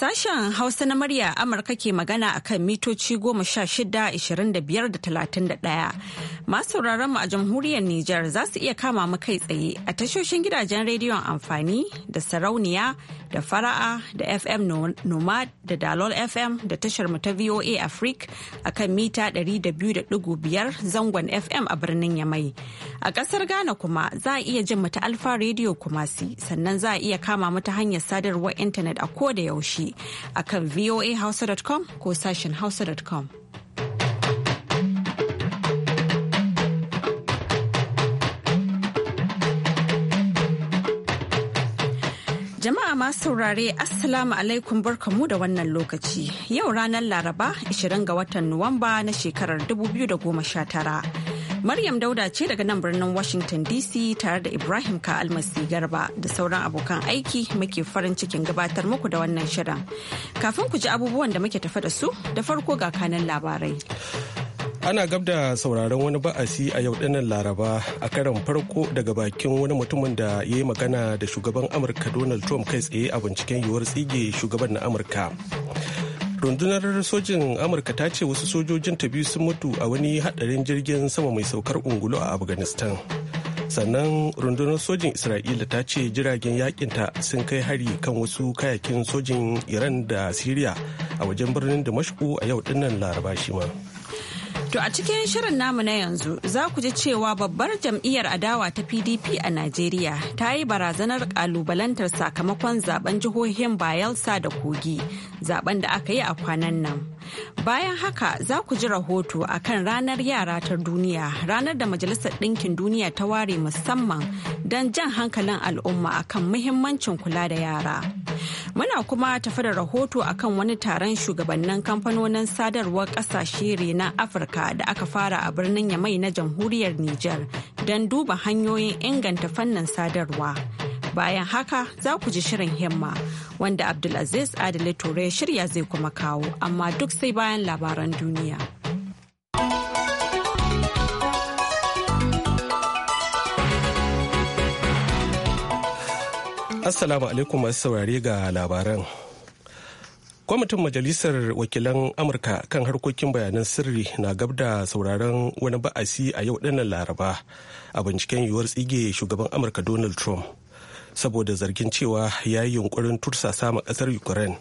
Sashen Hausa na murya Amurka ke magana a kan mitoci goma sha shida, ishirin da biyar da talatin da ɗaya. Masu mu a jamhuriyar Nijar za su iya kama mu kai tsaye a tashoshin gidajen rediyon amfani da sarauniya da fara'a da FM Nomad da Dalol FM da tashar mu ta VOA Africa a kan mita 200.5 zangon FM a birnin Yamai. A ƙasar Ghana kuma za a iya jin mu ta Alfa Radio Kumasi sannan za a iya kama mu ta hanyar sadarwar intanet a ko da yaushe. a kan voahausa.com ko sashen hausa.com. Jama'a masu saurare Assalamu alaikum barkamu da wannan lokaci. Yau ranar Laraba 20 ga watan Nuwamba na shekarar 2019. Maryam Dauda ce daga nan birnin Washington DC tare da Ibrahim Ka'almasi Garba da sauran abokan aiki muke farin cikin gabatar muku da wannan shirin. Kafin ku ji abubuwan da muke tafa da su da farko ga kanan labarai. Ana gab da sauraron wani ba'asi a yau dinnan Laraba a karon farko daga bakin wani mutumin da ya yi magana da shugaban Amurka Donald Trump kai tsaye a binciken yiwuwar tsige shugaban na Amurka. rundunar sojin amurka ta ce wasu sojojin ta biyu sun mutu a wani hadarin jirgin sama mai saukar ungulu a afghanistan sannan rundunar sojin isra'ila ta ce jiragen yakinta sun kai hari kan wasu kayakin sojin iran da syria a wajen birnin damashku a yau dinnan laraba shi ma. To a cikin shirin namu na yanzu za ku ji cewa babbar jam'iyyar adawa ta PDP a Najeriya ta yi barazanar kalubalantar sakamakon zaben jihohin Bayelsa da Kogi zaben da aka yi a kwanan nan. Bayan haka za ku ji rahoto a kan ranar yara ta duniya ranar da Majalisar Ɗinkin Duniya ta ware musamman don jan hankalin al'umma akan muhimmancin kula da yara. Muna kuma tafi da rahoto akan wani taron shugabannin kamfanonin sadarwar kasashe na Afirka da aka fara a birnin Yamai na jamhuriyar Nijar don duba hanyoyin inganta fannin sadarwa. Bayan haka za ku ji shirin himma wanda Abdulaziz Adile Ture shirya zai kuma kawo amma duk sai bayan labaran duniya. Assalamu alaikum masu saurare ga labaran. Kwamitin Majalisar Wakilan Amurka kan harkokin bayanan sirri na gab da sauraron wani ba'asi a yau dinnan Laraba a binciken yiwuwar tsige shugaban Amurka Donald Trump saboda zargin cewa ya yi yunkurin tursasa ma ƙasar Ukraine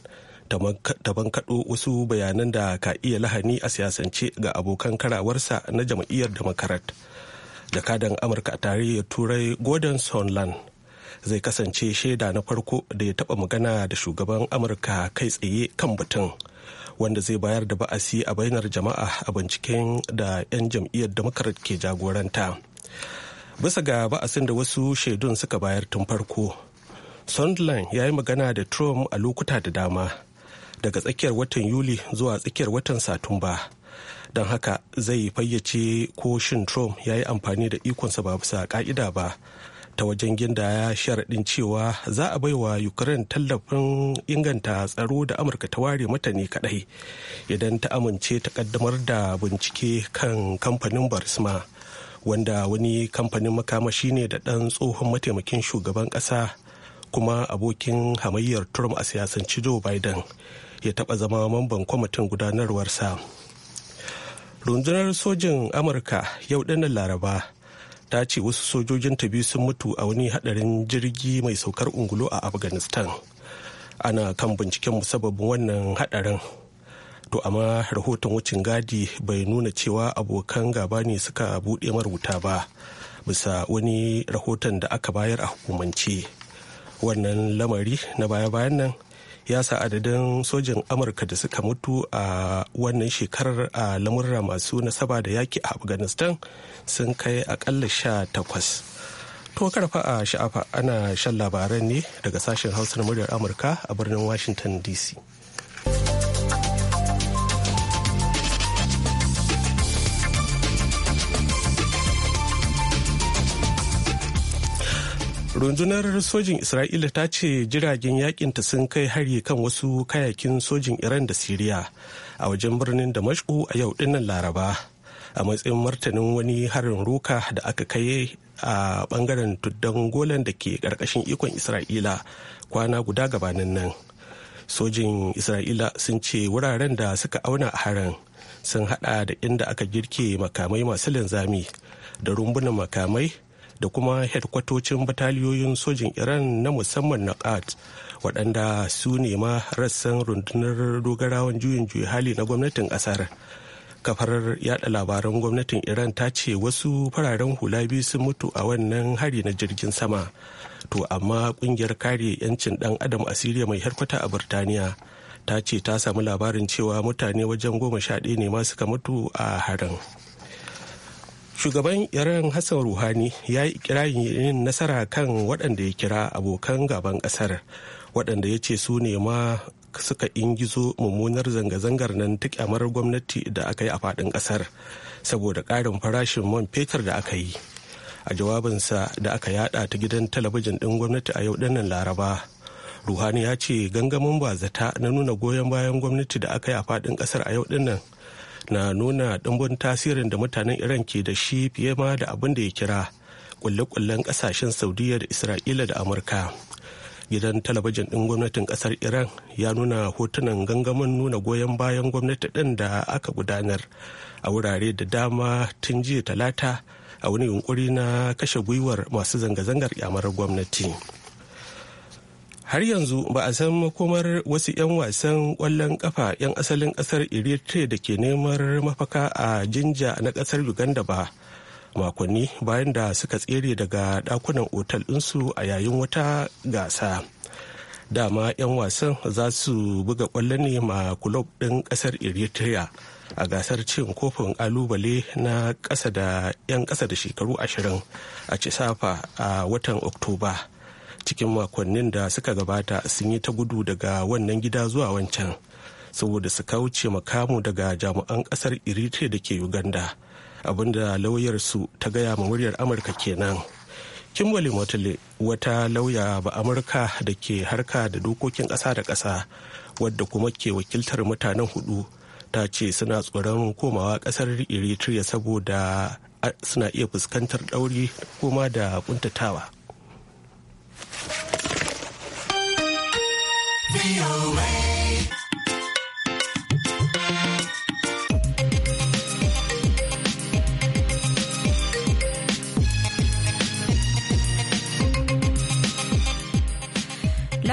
ta bankaɗo wasu bayanan da ka iya lahani a siyasance ga abokan karawarsa na jam'iyyar Democrat. Jakadan Amurka a tarayyar Turai Gordon Sondland zai kasance shaida na farko da ya taɓa magana da shugaban amurka kai tsaye kan batun wanda zai bayar da ba'asi a bainar jama'a a binciken da 'yan jam'iyyar democrat ke jagoranta bisa ga ba'asin da wasu shaidun suka bayar tun farko sondland ya yi magana da trump a lokuta da dama daga tsakiyar watan yuli zuwa tsakiyar watan satumba don haka zai fayyace ko shin trump ya yi amfani da ikonsa ba bisa ka'ida ba ta wajen ya sharaɗin cewa za a baiwa ukraine tallafin inganta tsaro da amurka ta ware mata ne kadai idan ta amince ta kaddamar da bincike kan kamfanin barisma wanda wani kamfanin makamashi ne da ɗan tsohon mataimakin shugaban ƙasa kuma abokin hamayyar trump a siyasanci joe biden ya taɓa zama mamban kwamitin gudanarwarsa rundunar sojin amurka yau ɗanar laraba ta ce wasu sojojin ta biyu sun mutu a wani hadarin jirgi mai saukar ungulu a afghanistan ana kan binciken musababin wannan hadarin to amma rahoton wucin gadi bai nuna cewa abokan gaba ne suka buɗe marubuta ba bisa wani rahoton da aka bayar a hukumance wannan lamari na baya-bayan nan ya sa adadin sojin amurka da suka mutu a wannan shekarar a lamurra masu nasaba da yaki a afghanistan sun kai akalla sha takwas to karfa a sha'afa ana shan labaran ne daga sashen hausa na muryar amurka a birnin washington dc rundunar sojin isra'ila ta ce jiragen yakinta sun kai hari kan wasu kayakin sojin iran da siriya a wajen birnin damashku a yau dinnan laraba a matsayin martanin wani harin Ruka da aka kai a bangaren tuddan golan da ke karkashin ikon isra'ila kwana guda gabanin nan sojin isra'ila sun ce wuraren da suka auna a harin sun hada da inda aka girke makamai masu linzami da rumbunan makamai da kuma hedkwatocin bataliyoyin sojin iran na musamman na qat waɗanda su nema rassan rundunar dogarawan juyin juyi hali na gwamnatin ƙasar kafar yada labaran gwamnatin iran ta ce wasu fararen hula biyu sun mutu a wannan hari na jirgin sama to amma kungiyar kare 'yancin dan adam a siriya mai harkwata a birtaniya ta ce ta samu labarin cewa mutane wajen goma sha ɗaya ne ma suka mutu a harin shugaban iran hassan ruhani ya yi kirayin yin nasara kan waɗanda ya kira abokan gaban ƙasar waɗanda ya ce su ne ma suka ingizo mummunar zanga-zangar nan ta kyamar gwamnati da aka yi a faɗin ƙasar saboda ƙarin farashin man fetur da aka yi a jawabinsa da aka yada ta gidan talabijin ɗin gwamnati a yau dinnan laraba ruhani ya ce gangamin bazata na nuna goyon bayan gwamnati da aka yi a faɗin ƙasar a yau dinnan na nuna ɗimbin tasirin da mutanen iran ke da shi fiye ma da abin da ya kira kulle-kullen ƙasashen saudiya da isra'ila da amurka gidan talabijin ɗin gwamnatin ƙasar iran ya nuna hotunan gangamin nuna goyon bayan gwamnati ɗin da aka gudanar a wurare da dama tun jiya talata a wani yunkuri na kashe gwiwar masu zanga-zangar kyamarar gwamnati har yanzu ba a san makomar wasu 'yan wasan kwallon kafa 'yan asalin kasar eritrea da ke neman mafaka a jinja na kasar uganda ba makonni bayan da suka tsere daga dakunan otal ɗinsu a yayin wata gasa dama 'yan wasan za su buga kwallo ne ma kulob ɗin ƙasar eritrea a gasar cin kofin kalubale na ƙasa da 'yan ƙasa da shekaru ashirin a cisafa a watan oktoba cikin makonnin da suka gabata sun yi ta gudu daga wannan gida zuwa wancan saboda su kauce makamu daga jami'an ƙasar eritrea da ke uganda abinda lauyarsu ta gaya ma muryar amurka kenan kimberly motile wata lauya ba amurka da ke harka da dokokin ƙasa da ƙasa wadda kuma ke wakiltar mutanen hudu ta ce suna tsoron komawa ƙasar eritrea saboda suna iya fuskantar ɗauri kuma da kuntatawa.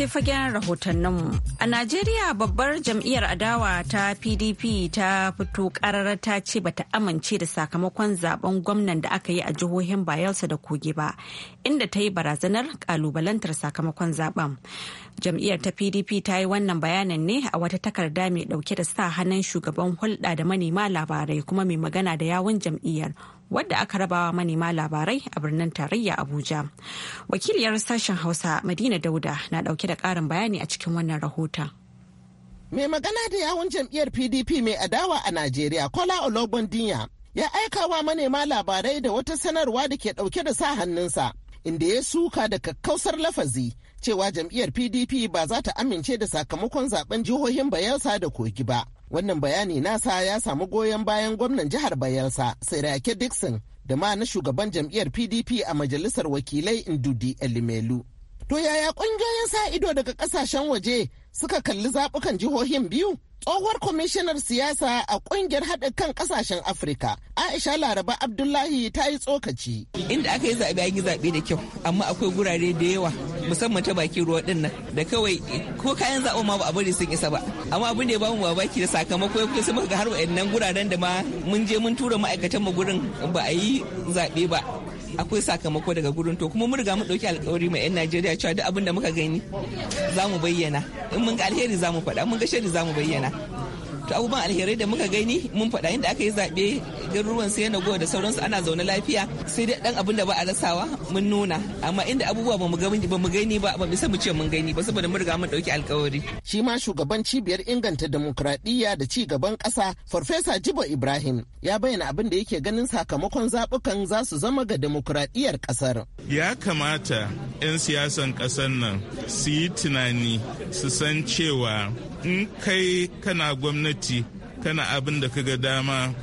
sai fagen rahotanninmu. A Najeriya babbar jam'iyyar adawa ta PDP ta fito ƙararra ta ce bata amince da sakamakon zaben gwamnan da aka yi a jihohin Bayelsa da Kogi ba, inda ta yi barazanar kalubalantar sakamakon zaben. Jam'iyyar ta PDP ta yi wannan bayanin ne a wata takarda mai dauke da sa hannun shugaban hulɗa da manema labarai kuma mai magana da yawun jam'iyyar wadda aka rabawa manema labarai a birnin tarayya Abuja. Wakiliyar sashen Hausa Madina Dauda na dauke da karin bayani a cikin wannan rahoton. Mai magana da yawun jam'iyyar PDP mai adawa a Najeriya Kola Olobondinya ya aika wa manema labarai da wata sanarwa da ke dauke da sa hannunsa inda ya suka da kakkausar lafazi cewa jam'iyyar PDP ba za ta amince da sakamakon zaben jihohin Bayelsa da Kogi ba. Wannan bayani nasa ya samu goyon bayan gwamnan jihar Bayelsa, Sirake Dixon, da ma na shugaban jam'iyyar PDP a majalisar wakilai Ndudi Elimelu. To yaya ƙungiyoyin sa ido daga ƙasashen waje suka kalli zaɓukan jihohin biyu tsohuwar kwamishinar siyasa a ƙungiyar haɗa kan ƙasashen afirka aisha laraba abdullahi ta yi tsokaci inda aka yi zaɓe an yi zaɓe da kyau amma akwai gurare da yawa musamman ta bakin ruwa ɗin nan da kawai ko kayan zaɓe ma ba a bari sun isa ba amma abin da ya bamu baki da sakamako ya kusa sama ga har wa'annan guraren da ma mun je mun tura ma'aikatan mu gurin ba a yi zaɓe ba akwai sakamako daga gurin to kuma mun riga mun ɗauki alkawari ma 'yan Najeriya cewa duk abin da muka gani za mu bayyana in mun ga alheri za mu faɗa mun ga shari za mu bayyana to abubuwan alherai da muka gani mun faɗa inda aka yi zaɓe garuruwan sai na goma da sauransu ana zaune lafiya sai dai dan abin da ba a rasawa mun nuna amma inda abubuwa ba mu gani ba mu gani ba ba bisa mu ce mun gani ba saboda mun riga mun ɗauki alkawari shi ma shugaban cibiyar inganta demokradiyya da ci gaban kasa farfesa jibo ibrahim ya bayyana abin da yake ganin sakamakon zabukan za su zama ga demokradiyyar kasar. ya kamata 'yan siyasan ƙasar nan su yi tunani su san cewa in kai kana gwamnati gwamnati kana abin da ka ga dama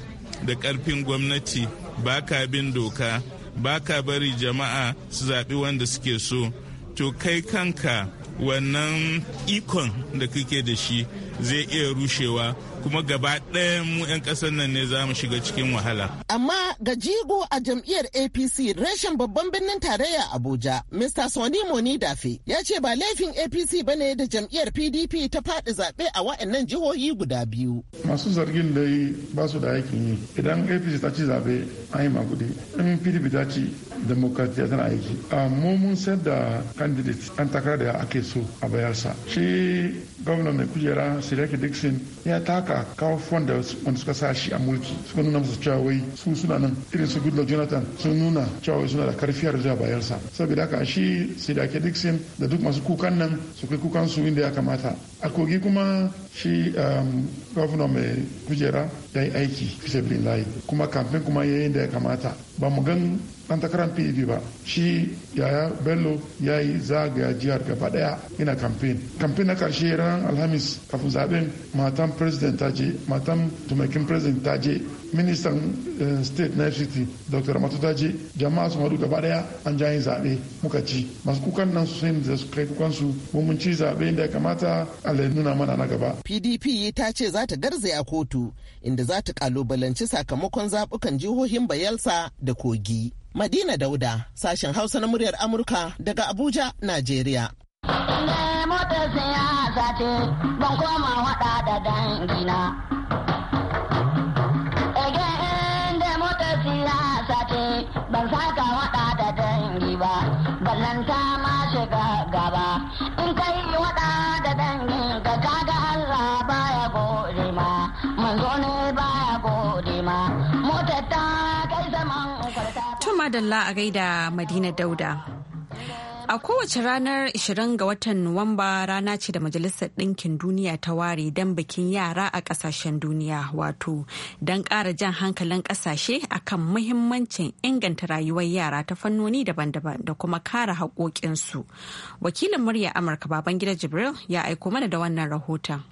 da karfin gwamnati ba ka bin doka ba ka bari jama'a su zaɓi wanda suke so to kai kanka wannan ikon da kake da shi zai iya rushewa kuma gaba ɗaya mu 'yan ƙasar nan ne za mu shiga cikin wahala. Amma ga jigo a jam'iyyar APC reshen babban birnin tarayya Abuja, Mr. Sani Moni Dafe ya ce ba laifin APC ba ne da jam'iyyar PDP ta faɗi zaɓe a wa'annan jihohi guda biyu. Masu zargin yi ba su da aikin yi. Idan APC ta ci zaɓe an yi maguɗi, in PDP ta ci demokratiya tana aiki. Amma mun sayar da candidate an takara da ake so a bayarsa. Shi gwamnan mai kujera Siraki Dixon ya taka kawafon da wani suka sa shi a mulki suka nuna masa cewa wai su suna nan irin su Goodluck Jonathan sun nuna cewa suna da karfiyar zuwa bayansa saboda haka shi Siraki Dixon da duk masu kukan nan su kai kukan su inda ya kamata a kogi kuma shi um, gwamna mai kujera ya yi aiki fi layi kuma kamfen kuma ya yi da ya kamata ba mu gan ɗan takarar pdp ba shi yaya bello ya yi zagaya jihar gaba daya ina kamfen kamfen na karshe ran alhamis kafin zaben matan president ta je matan tumakin president ta je ministan eh, state na fct dr ramatu daje jama'a su Madu gaba daya an ja yin zaɓe muka ci masu kukan nan su sai da su kai kukan su ko mun ci zaɓe inda ya kamata allah nuna mana na gaba pdp ta ce za ta a kotu inda za ta kalubalanci sakamakon zaɓukan jihohin bayelsa da kogi madina dauda sashen hausa na muryar amurka daga abuja najeriya Ne motar sai ya ban koma wada da dangina. madalla a gaida Madina Dauda. A kowace ranar 20 ga watan Nuwamba rana ce da Majalisar Ɗinkin Duniya ta ware don bikin yara a ƙasashen duniya wato don ƙara jan hankalin ƙasashe akan muhimmancin inganta rayuwar yara ta fannoni daban-daban da kuma kare haƙoƙinsu. Wakilin murya Amurka baban Babangida Jibril ya aiko mana da wannan rahoton.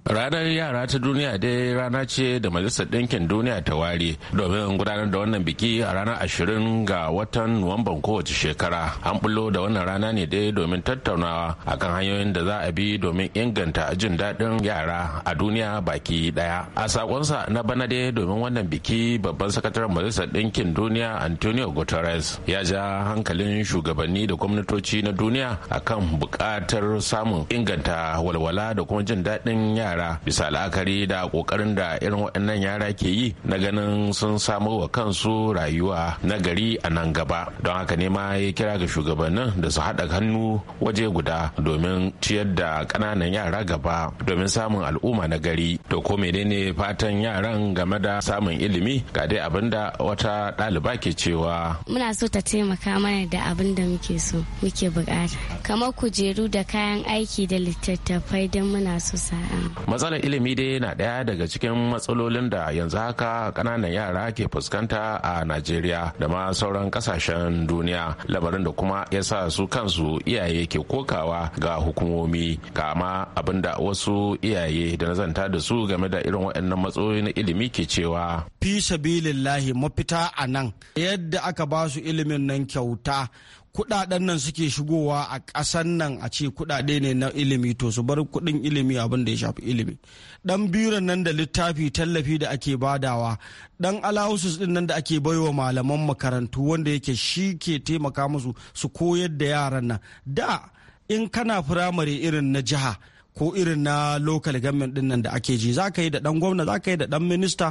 Ranar yara ta duniya dai rana ce da Majalisar Ɗinkin Duniya ta ware domin gudanar da wannan biki a ranar ashirin ga watan Nuwamban kowace shekara. An bullo da wannan rana ne dai domin tattaunawa akan hanyoyin da za a bi domin inganta jin daɗin yara a duniya baki ɗaya. A sakonsa na bana dai domin wannan biki babban sakataren Majalisar Ɗinkin Duniya Antonio Guterres ya ja hankalin shugabanni da gwamnatoci na duniya akan buƙatar samun inganta walwala da kuma jin daɗin yara yara bisa la'akari da kokarin da irin waɗannan yara ke yi na ganin sun samo wa kansu rayuwa na gari a nan gaba don haka ne ma ya kira ga shugabannin da su haɗa hannu waje guda domin ciyar da ƙananan yara gaba domin samun al'umma na gari to ko menene fatan yaran game da samun ilimi ga dai abin da wata ɗaliba ke cewa muna so ta taimaka mana da abin da muke so muke bukata kamar kujeru da kayan aiki da littattafai don muna so sa'a matsalar ilimi dai na ɗaya daga cikin matsalolin da yanzu haka kananan yara ke fuskanta a najeriya da ma sauran kasashen duniya lamarin da kuma ya sa su kansu iyaye ke kokawa ga hukumomi kama abin da wasu iyaye da nazanta da su game da irin waɗannan matsaloli na ilimi ke cewa fi sabilillahi mafita a nan yadda aka ba su ilimin nan kyauta kudaden nan suke shigowa a ƙasan nan a ce kudade ne na ilimi to su bar kudin ilimi abin da ya shafi ilimi dan biran nan da littafi tallafi da ake badawa dan allowances din nan da ake baiwa malaman makarantu wanda yake shi ke taimaka musu su koyar da yaran nan da in kana firamare irin na jiha ko irin na local government din nan da ake ji za ka yi da dan gwamna za ka yi da dan minista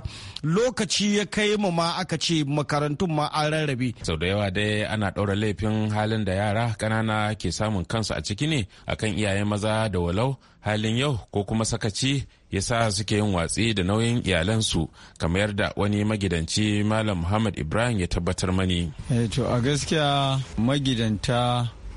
lokaci ya kai mu ma aka ce makarantun ma an rarrabe sau da yawa dai ana ɗaura laifin halin da yara ƙanana ke samun kansu a ciki ne akan iyaye maza da walau halin yau ko kuma sakaci ya sa suke yin watsi da nauyin iyalansu kamar yadda wani magidanci malam muhammad ibrahim ya tabbatar mani eh, a gaskiya magidanta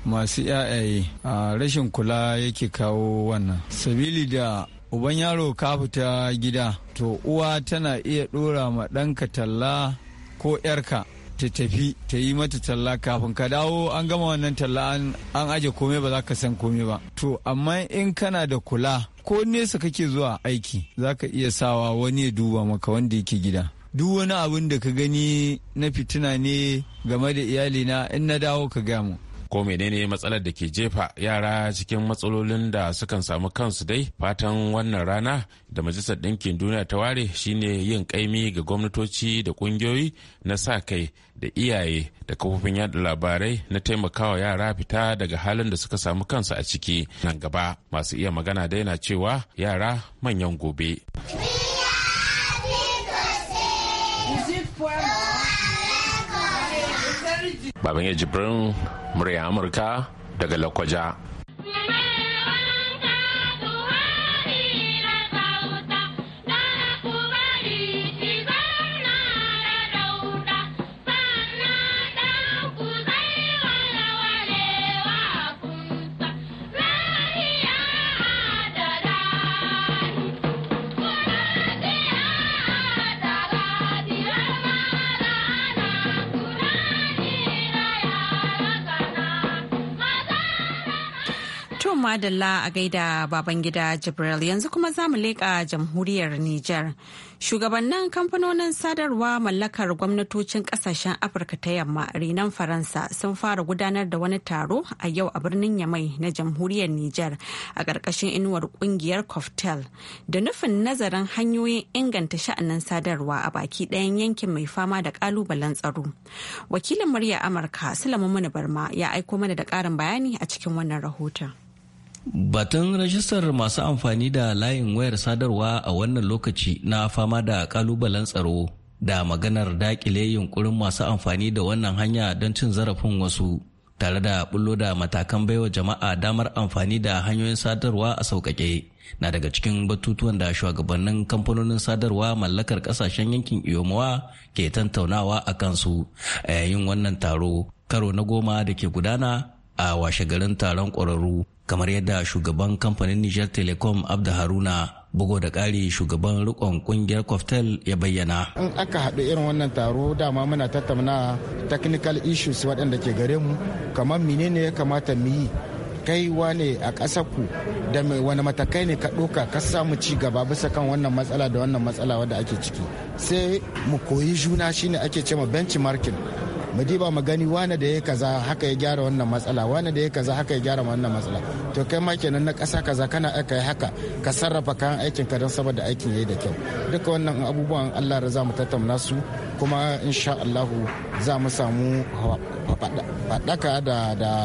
masu yayaye a rashin kula yake kawo wannan sabili da uban yaro ka fita gida to uwa tana iya ɗora ma ɗanka talla ko 'yarka ta tafi ta yi mata talla kafin ka dawo an gama wannan talla an aje komai ba za ka san komai ba to amma in kana da kula ko nesa kake zuwa aiki za ka iya sawa wani ya duba maka wanda yake gida duk wani abin da ka gani na fitina ne game da iyalina in na dawo ka mu. ko menene matsalar da ke jefa yara cikin matsalolin da sukan samu kansu dai fatan wannan rana da majalisar ɗinkin duniya ta ware shine yin kaimi ga gwamnatoci da ƙungiyoyi na sa kai da iyaye da kafofin yada labarai na taimakawa yara fita daga halin da suka samu kansu a ciki nan gaba masu iya magana dai na cewa yara manyan gobe. baban ya murya amurka daga lakwaja madalla a gaida baban gida Jibril yanzu kuma za mu leƙa jamhuriyar Nijar. Shugabannin kamfanonin sadarwa mallakar gwamnatocin ƙasashen Afirka ta yamma rinan Faransa sun fara gudanar da wani taro a yau a birnin Yamai na jamhuriyar Nijar a ƙarƙashin inuwar ƙungiyar Coftel da nufin nazarin hanyoyin inganta sha'anin sadarwa a baki ɗayan yankin mai fama da ƙalubalen tsaro. Wakilin murya Amurka Sulaiman Barma ya aiko mana da ƙarin bayani a cikin wannan rahoton. Batun rajistar masu amfani da layin wayar sadarwa a wannan lokaci na fama da kalubalen tsaro da maganar dakile yunkurin masu amfani da wannan hanya don cin zarafin wasu tare da bullo da matakan baiwa jama'a damar amfani da hanyoyin sadarwa a sauƙaƙe na daga cikin batutuwan da shugabannin kamfanonin sadarwa mallakar ƙasashen yankin iyomawa ke tattaunawa a kansu a yayin wannan taro karo na goma da ke gudana a washe garin taron ƙwararru kamar yadda shugaban kamfanin Niger Telecom Abda Haruna bugu da ƙari shugaban rikon kungiyar Coftel ya bayyana. In aka haɗu irin wannan taro dama muna tattauna technical issues waɗanda ke gare mu kamar menene ya kamata mu yi kai wane a ƙasarku da wani matakai ne ka ɗoka ka samu ci gaba bisa kan wannan matsala da wannan matsala wadda ake ciki sai mu koyi juna shine ake ce ma benchmarking mu diba mu gani wane da ya kaza haka ya gyara wannan matsala wane da ya kaza haka ya gyara wannan matsala to kai ma kenan na kasa kaza kana aka haka ka sarrafa kayan aikin ka don saboda aikin yayi da kyau duka wannan abubuwan Allah ya za mu tattauna su kuma insha Allahu za mu samu faɗaka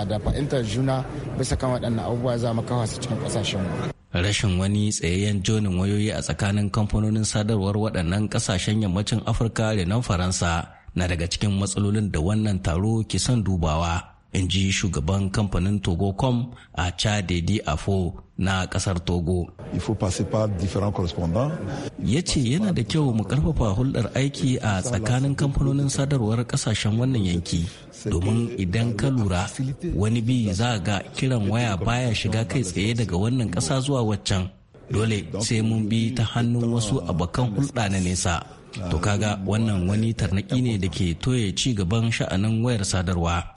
da fahimtar juna bisa kan waɗannan abubuwa za mu kawo su cikin ƙasashen mu. Rashin wani tsayayyen jonin wayoyi a tsakanin kamfanonin sadarwar waɗannan ƙasashen yammacin Afirka da nan Faransa na daga cikin matsalolin da wannan taro ke son dubawa in ji shugaban kamfanin togocom a chadedi afo na kasar togo ya ce yana da kyau mu karfafa hulɗar aiki a tsakanin kamfanonin sadarwar kasashen wannan yanki domin idan ka lura wani bi za ga kiran waya baya shiga kai tsaye daga wannan ƙasa zuwa waccan dole sai mun bi ta hannun wasu abokan hulɗa na nesa to kaga wannan wani tarnaki ne da ke toye ci gaban sha'anin wayar sadarwa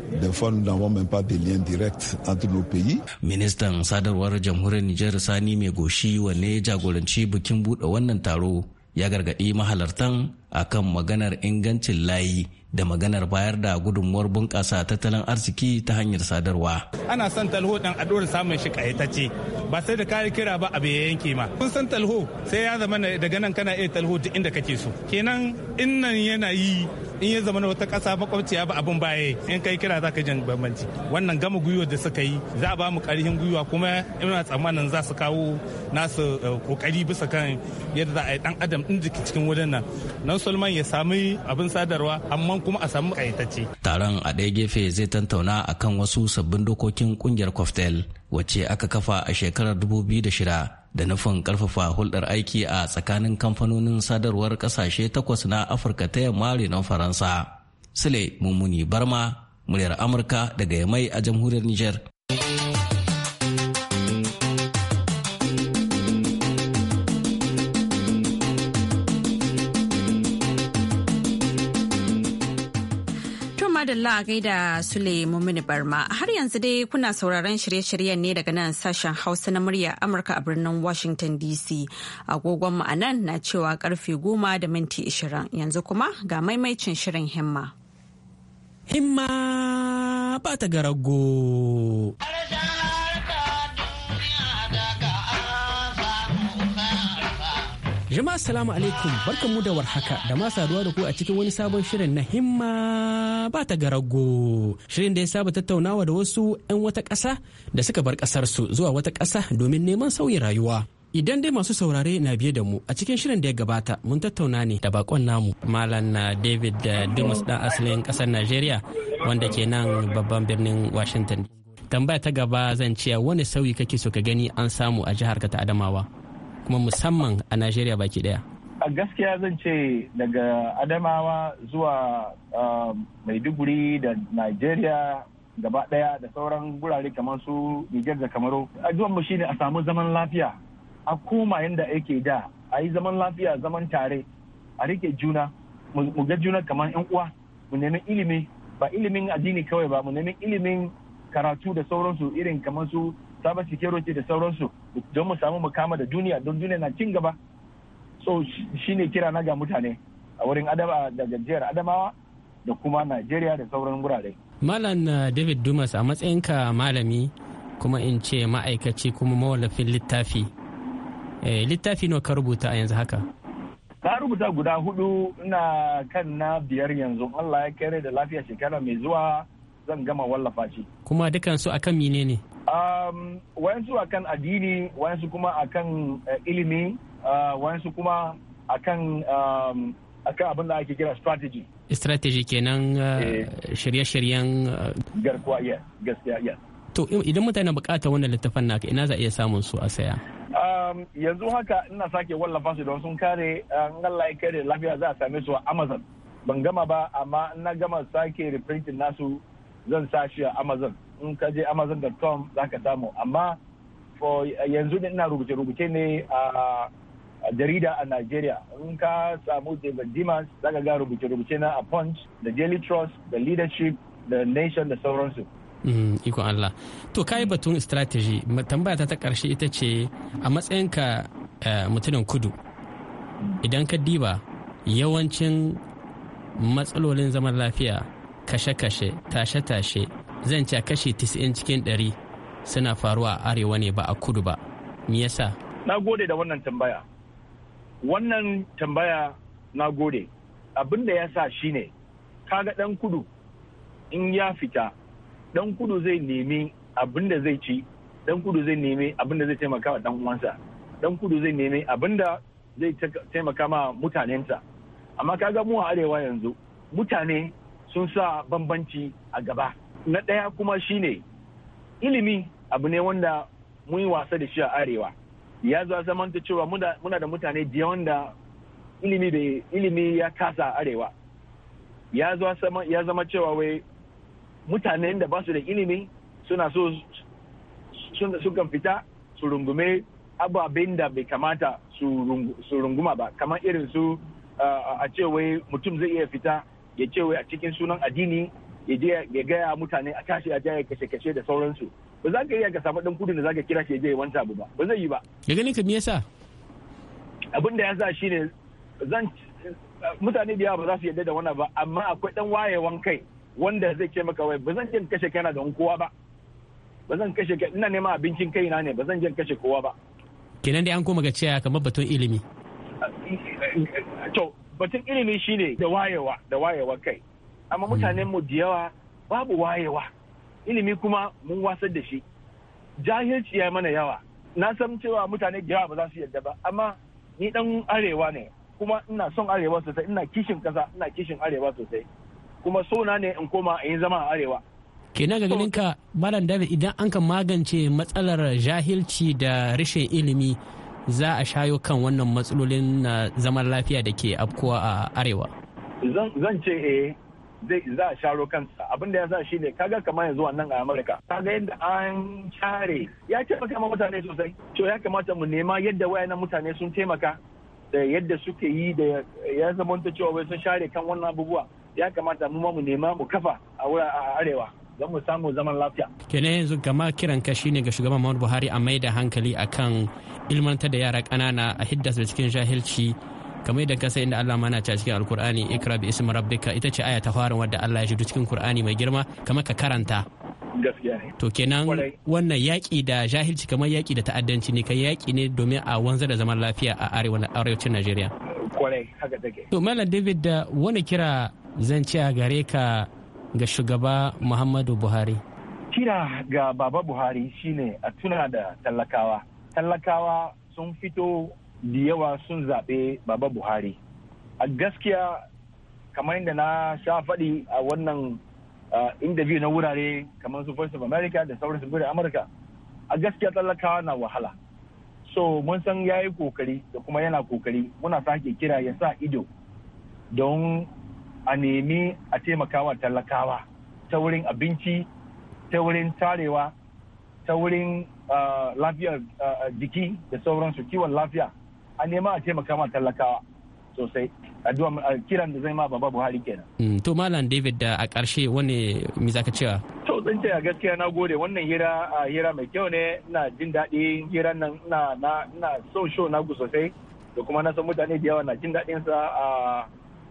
ministan sadarwar jamhuriyar nijar sani mai goshi wanne jagoranci bikin buɗe wannan taro ya gargaɗi mahalartan akan maganar ingancin layi da maganar bayar da gudunmuwar bunƙasa tattalin arziki ta hanyar sadarwa. Ana son talho ɗan a ɗora samun shi ƙayatacce ba sai da kayi kira ba abu ya yanke ma. Kun san talho sai ya zama daga nan kana iya talho duk inda kake so. Kenan in nan yana yi in ya zama wata ƙasa makwabciya ba abin baya in kai kira za ka jin bambanci wannan gama gwiwa da suka yi za a ba mu ƙarfin gwiwa kuma ina tsammanin za su kawo nasu kokari eh, bisa kan yadda za a yi dan adam ɗin jiki cikin wajen nan nan solman ya sami abin sadarwa amma kuma a samu kayatacce taron a ɗaya gefe zai tantauna akan wasu sabbin dokokin ƙungiyar coftel wacce aka kafa a shekarar da 2006 da nufin karfafa hulɗar aiki a tsakanin kamfanonin sadarwar ƙasashe takwas na afirka ta yamma renon faransa sule mummuni barma muryar amurka daga yamai a jamhuriyar niger Allah a gaida Sule Mumini Barma. Har yanzu dai kuna sauraron shirye-shiryen ne daga nan sashen Hausa na murya Amurka a birnin Washington DC. Agogon mu anan na cewa karfe goma da minti ishirin. Yanzu kuma ga maimaicin shirin himma. Himma ba ta garago. Jama'a salamu alaikum barkanmu da warhaka da ma saduwa da ku a cikin wani sabon shirin na himma ba ta garago. Shirin da ya saba tattaunawa da wasu 'yan wata ƙasa da suka bar ƙasarsu zuwa wata ƙasa domin neman sauyi rayuwa. Idan dai masu saurare na biye da mu a cikin shirin da ya gabata mun tattauna ne da bakon namu Malam na David da eh, Dumas dan asalin ƙasar Najeriya wanda ke nan babban birnin Washington. Tambaya ta gaba zan ce wani sauyi kake so ka gani an samu a jihar ka ta Adamawa. kuma musamman a najeriya baki daya a gaskiya zan ce daga adamawa zuwa um, maiduguri da najeriya gaba daya da sauran gurare kamar su nijar da kamaru ajuwan mu shine a samu zaman lafiya a koma yadda ake da a yi zaman lafiya zaman tare a rike juna mu ga juna kamar yan uwa mu nemi ilimi ba ilimin addini kawai ba mu nemi ilimin karatu da sauransu irin kamar su cyber security da sauransu don mu samu mukama da duniya don duniya na cin gaba so shine kira na ga mutane a wurin adama da gajiyar adamawa da kuma najeriya da sauran wurare malam uh, david dumas a matsayinka malami kuma in ce ma'aikaci kuma mawallafin littafi eh, littafi nawa ka rubuta a yanzu haka ka rubuta guda hudu na kan na biyar yanzu allah ya kere da lafiya shekara mai zuwa zan gama wallafa shi kuma dukansu akan menene ne Um, wayansu akan addini wayansu kuma akan uh, ilimi uh, wayansu kuma akan um, akan abin da ake kira strategy strategy kenan uh, eh. shirye-shiryen uh, garkuwa ya gaskiya ya to idan mutane bukata wannan littafin naka ina za a iya samun su a saya um, yanzu haka ina sake wallafa su don sun kare an Allah ya kare lafiya za a same su a Amazon ban gama ba amma na gama sake reprinting nasu zan sa shi a Amazon in ka je amazon.com za ka samu amma yanzu ne ina rubuce-rubuce ne a jarida a Najeriya in ka samu David Dimas za ka ga rubuce-rubuce na a Punch da Daily Trust da Leadership da Nation da sauransu. Mm, ikon Allah. To kayi batun strategy tambaya ta ta ƙarshe ita ce a matsayinka eh, mutumin kudu idan ka diba yawancin matsalolin zaman lafiya kashe-kashe tashe-tashe zan ce kashi 90 cikin 100 suna faruwa a arewa ne ba a kudu ba me yasa na gode da wannan tambaya wannan tambaya na gode abin da ya sa shi ne, kaga dan kudu in ya fita dan kudu zai nemi abin da zai ci dan kudu zai nemi abin da zai taimaka wa dan uwansa dan kudu zai nemi abin da zai taimaka ma mutanensa amma kaga mu a arewa yanzu mutane sun sa bambanci a gaba na ɗaya kuma shine ilimi abu ne wanda mun yi wasa da shi a arewa ya zuwa ta cewa muna da mutane da wanda ilimi da ilimi ya kasa a arewa ya zuwa ya zama cewa wai mutanen da ba su da ilimi suna so sukan fita su rungume ababen da bai kamata su runguma ba kamar irin su a ce mutum zai iya fita ya ce a cikin sunan addini ya je ya gaya mutane a tashi a jaya kashe-kashe da sauransu ba za ka iya ka samu dan kudin da za ka kira shi ya je ya wanta ba ba zai yi ba ya gani ka me yasa abin da ya sa shine zan mutane da yawa ba za su yarda da wannan ba amma akwai dan wayewan kai wanda zai ce maka wai ba zan jin kashe kaina don kowa ba ba zan kashe ina neman abincin kaina ne ba zan jin kashe kowa ba kenan dai an koma ga cewa kamar batun ilimi to batun ilimi shine da wayewa da wayewa kai amma hmm. mutanen mu da yawa babu wayewa ilimi kuma mun wasar da shi jahilci ya mana yawa na san cewa mutane da yawa ba za su yarda ba amma ni dan arewa ne kuma ina son arewa sosai ina kishin kasa ina kishin arewa sosai kuma sona ne in koma in zama a arewa kenan ga ganin ka malam david idan an ka magance matsalar jahilci da rashin ilimi za a shayo kan wannan matsalolin na zaman lafiya da ke afkuwa a arewa zan ce eh zai za a sharo kansa abin da ya sa shine kaga kamar yanzu wannan a Amurka kaga yadda an share ya taimaka ma mutane sosai to ya kamata mu nema yadda wayannan mutane sun taimaka da yadda suke yi da ya zama ta cewa wai sun share kan wannan abubuwa ya kamata mu ma mu nema mu kafa a wura a arewa don mu samu zaman lafiya. kenan yanzu gama kiran ka shine ga shugaban Muhammadu Buhari a mai da hankali akan ilmantar da yara ƙanana a hiddas da cikin jahilci kamar yadda kasa inda Allah mana ta cikin alkur'ani ikra bi ismi rabbika ita ce aya ta fara wadda Allah ya shigo cikin kur'ani mai girma kamar ka karanta to kenan wannan yaƙi da jahilci kamar yaƙi da ta'addanci ne kai yaƙi ne domin a wanzar da zaman lafiya a arewacin Najeriya to malam David da wani kira zan ce a gare ka ga shugaba Muhammadu Buhari kira ga baba Buhari shine a tuna da talakawa talakawa sun fito da yawa sun zaɓe baba buhari a gaskiya kamar yadda na sha faɗi a wannan interview na wurare kamar su voice of america da sauransu birnin amurka a gaskiya talakawa na wahala so mun san ya yi kokari da kuma yana kokari muna sake kira ya sa ido don a nemi a taimakawa talakawa ta wurin abinci ta wurin tarewa ta wurin lafiyar jiki da sauransu kiwon lafiya a nema a taimaka ma talakawa sosai addu'a kiran da zai ma baba buhari kenan mm, to malam david da a ƙarshe wani mi zaka cewa to zan ce a gaskiya na gode wannan hira hira mai kyau ne na jin daɗi hiran nan na na na son show na gu sosai da kuma na san mutane da yawa na jin daɗin sa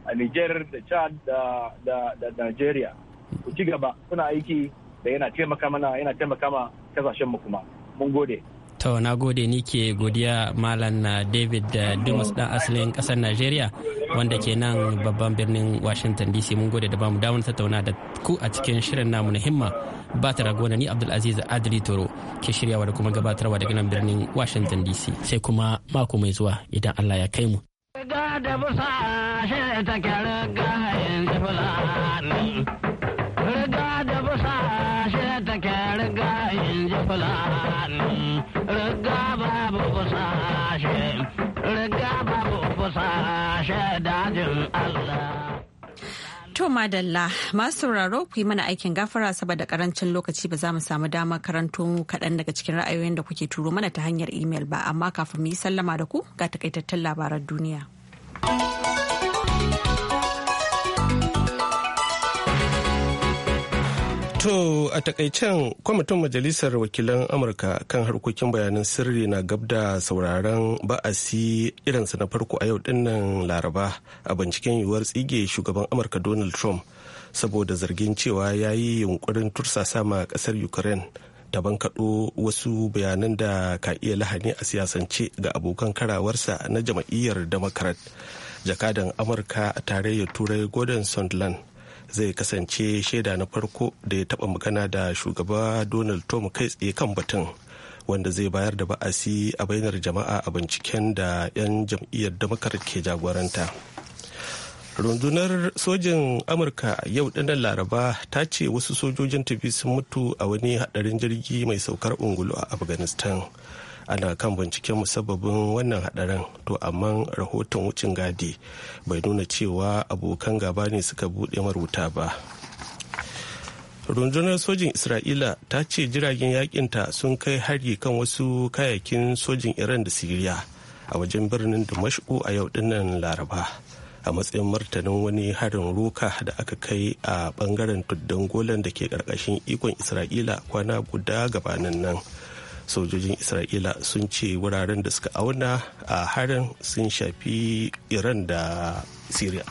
a Niger da Chad da da Nigeria ku ci gaba kuna aiki da yana taimaka mana yana taimaka ma kasashen mu kuma mun gode to na gode ni ke godiya malam david dumas dan asalin kasar najeriya wanda ke nan babban birnin washington dc mun gode da bamu damar tattauna da ku a cikin shirin namu na himma ba ta ragona ni abdulaziz adli toro ke shiryawa da kuma gabatarwa daga nan birnin washington dc sai kuma mako mai zuwa idan allah ya kai mu da busa To madalla masu sauraro ku yi mana aikin gafara saboda karancin lokaci ba za mu samu damar karanto kaɗan daga cikin ra'ayoyin da kuke turo mana ta hanyar imel ba amma kafin mu yi sallama da ku ga takaitattun labaran duniya. To a takaicen kwamitin Majalisar Wakilan Amurka kan harkokin bayanan sirri na gab da sauraron ba'asi irinsa na farko a yau dinnan Laraba a binciken yiwuwar tsige shugaban Amurka Donald Trump saboda zargin cewa ya yi yunkurin tursasa ma kasar Ukraine ta bankaɗo wasu bayanan da ka iya lahani a siyasance ga abokan karawarsa na jam'iyyar Democrat. Jakadan Amurka a tarayyar Turai Gordon Sondland zai kasance shaida na farko da ya taɓa magana da shugaba donald trump kai tsaye kan batun wanda zai bayar da ba'asi a bainar jama'a a binciken da 'yan jam'iyyar damakar ke jagoranta rundunar sojin amurka yau ɗanar laraba ta ce wasu sojojin tafi sun mutu a wani haɗarin jirgi mai saukar ungulu a afghanistan ana kan binciken musabbabin wannan hadarin to amma rahoton wucin gadi bai nuna cewa abokan gaba ne suka bude maruta ba rundunar sojin isra'ila ta ce jiragen yakinta sun kai hari kan wasu kayakin sojin iran da siriya a wajen birnin mashu a yau dinnan laraba a matsayin martanin wani harin roka da aka kai a bangaren tuddan golan da ke karkashin ikon isra'ila kwana guda gabanin nan sojojin isra'ila sun ce wuraren da suka auna a harin sun shafi iran da syria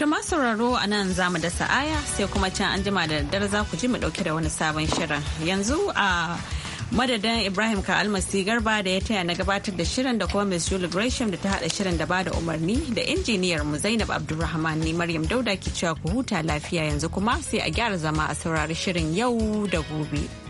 to masu sauraro a nan zamu mu dasa aya sai kuma can an jima da daddare za ku ji mu dauke da wani sabon shirin yanzu a madadin ibrahim ka almasi garba da ya taya na gabatar da shirin da kuma miss julie gresham da ta hada shirin da bada umarni da injiniyar mu zainab abdulrahman ni maryam dauda ke cewa ku huta lafiya yanzu kuma sai a gyara zama a saurari shirin yau da gobe.